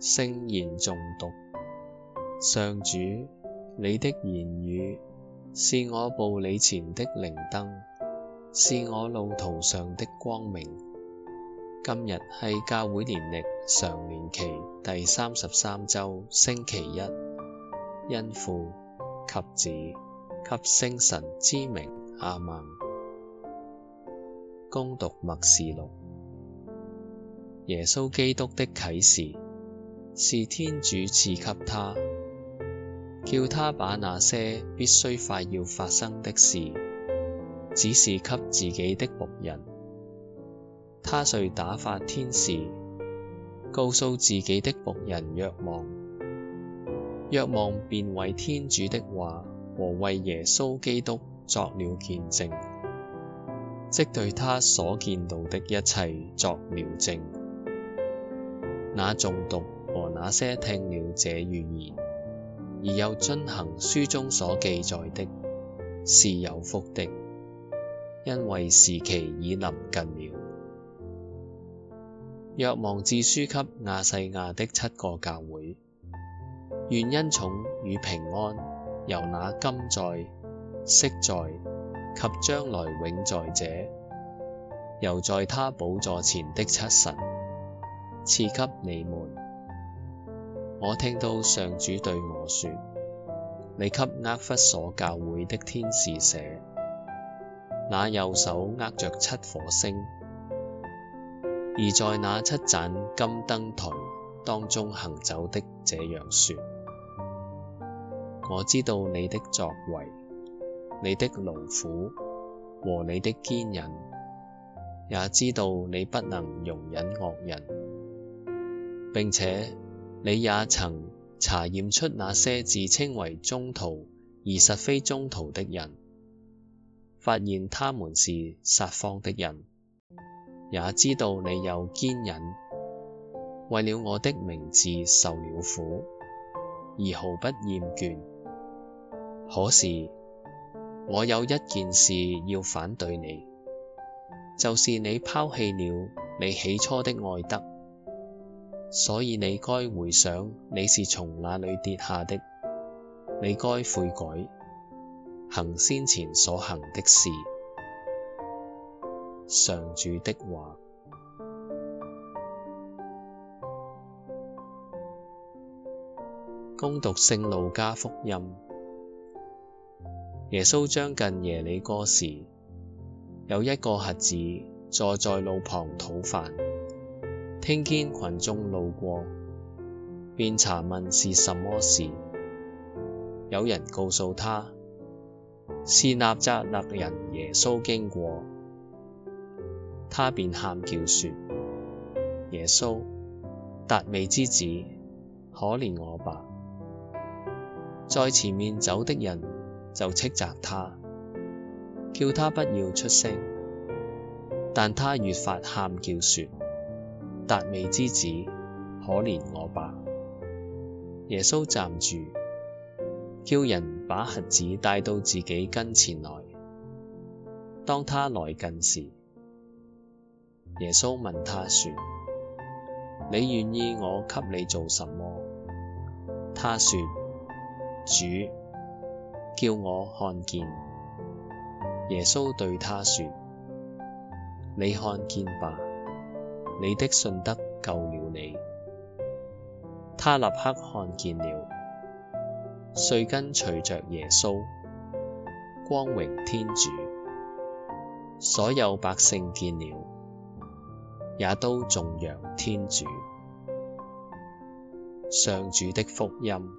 聖言誦讀，上主，你的言語是我步履前的靈燈，是我路途上的光明。今日係教會年曆常年期第三十三週星期一，因父及子及聖神之名阿門。恭讀默示錄，耶穌基督的啟示是天主賜給他，叫他把那些必須快要發生的事，指示給自己的僕人。他遂打發天使，告訴自己的僕人若望，若望便為天主的話和為耶穌基督作了見證，即對他所見到的一切作了證。那誦讀和那些聽了這預言而又遵行書中所記載的，是有福的，因為時期已臨近了。若望致書給亞細亞的七個教會，願恩寵與平安由那今在、昔在及將來永在者，由在他寶座前的七神，賜給你們。我聽到上主對我說：你給厄弗所教會的天使寫，那右手握着七顆星。而在那七盞金燈台當中行走的這樣說：我知道你的作為，你的勞苦和你的堅忍，也知道你不能容忍惡人，並且你也曾查驗出那些自稱為宗徒，而實非宗徒的人，發現他們是撒謊的人。也知道你有堅忍，為了我的名字受了苦，而毫不厭倦。可是，我有一件事要反對你，就是你拋棄了你起初的愛德，所以你該回想你是從哪裏跌下的，你該悔改，行先前所行的事。上主的話。恭讀聖路加福音。耶穌將近耶里哥時，有一個瞎子坐在路旁討飯，聽見群眾路過，便查問是什麼事。有人告訴他，是納匝肋人耶穌經過。他便喊叫說：耶穌，達味之子，可憐我吧！在前面走的人就斥責他，叫他不要出聲。但他越發喊叫說：達味之子，可憐我吧！耶穌站住，叫人把瞎子帶到自己跟前來。當他來近時，耶穌問他說：你願意我給你做什麼？他說：主叫我看見。耶穌對他說：你看見吧，你的信德救了你。他立刻看見了，遂跟隨着耶穌，光榮天主，所有百姓見了。也都頌揚天主。上主的福音。